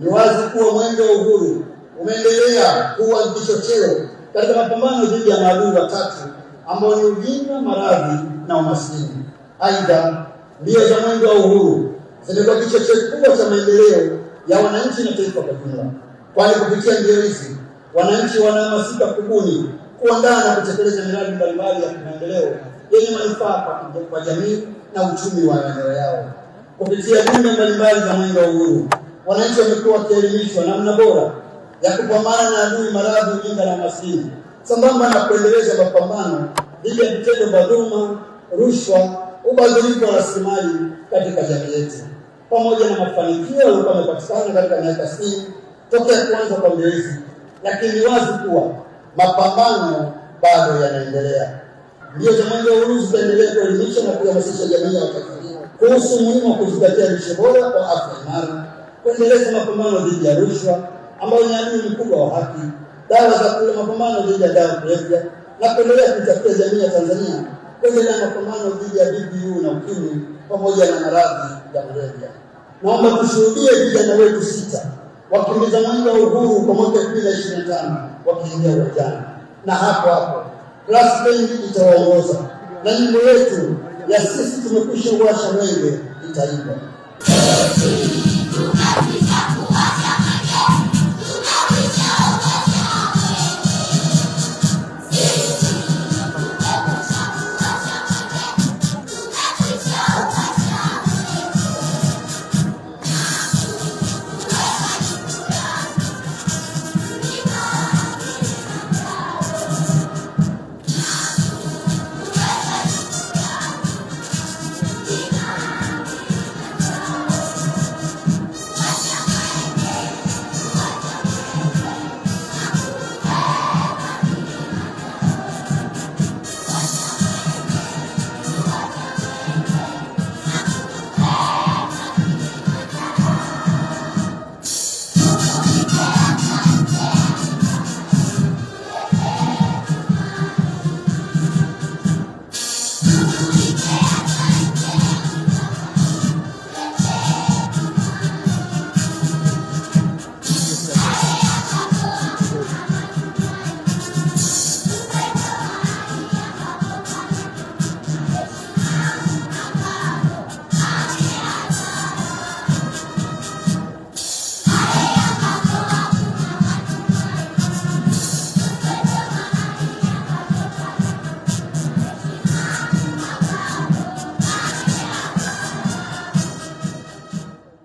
Ni wazi kuwa mwenge wa uhuru umeendelea kuwa kichocheo katika mapambano dhidi ya maadui watatu ambao ni ujinga, maradhi na umaskini. Aidha, mbio za mwenge wa uhuru zimekuwa kichocheo kikubwa cha maendeleo ya wananchi na taifa kwa jumla, kwani kupitia mbio hizi wananchi wanahamasika kubuni, kuandaa na kutekeleza miradi mbalimbali ya kimaendeleo yenye manufaa kwa jamii na uchumi wa maeneo yao kupitia jumbe mbalimbali za mwenge wa uhuru wananchi wamekuwa wakielimishwa namna bora ya kupambana na adui, maradhi, ujinga na maskini, sambamba na kuendeleza mapambano dhidi ya vitendo vya dhuluma, rushwa, ubadhirifu wa rasilimali katika jamii yetu. Pamoja na mafanikio yaliyokuwa yamepatikana katika miaka sitini tokea kuanza kwa mjeuzi, lakini ni wazi kuwa mapambano bado yanaendelea. Ndiyo Mwenge wa Ulinzi itaendelea kuelimisha na kuhamasisha jamii ya Watanzania kuhusu umuhimu wa kuzingatia lishe bora kwa afya imara kuendeleza mapambano dhidi ya rushwa ambayo ni adui mkubwa wa haki, dawa za kule, mapambano dhidi ya dawa kulevya na kuendelea kuitafutia jamii ya Tanzania kuendelea mapambano dhidi ya BBU na ukimwi pamoja na maradhi ya malaria. Naomba tushuhudie vijana wetu sita wakimbiza mwenge wa uhuru kwa mwaka 2025 wakiingia uwanjani, na hapo hapo Brass Bendi itawaongoza na nyimbo yetu ya sisi tumekwisha uwasha mwenge itaimba.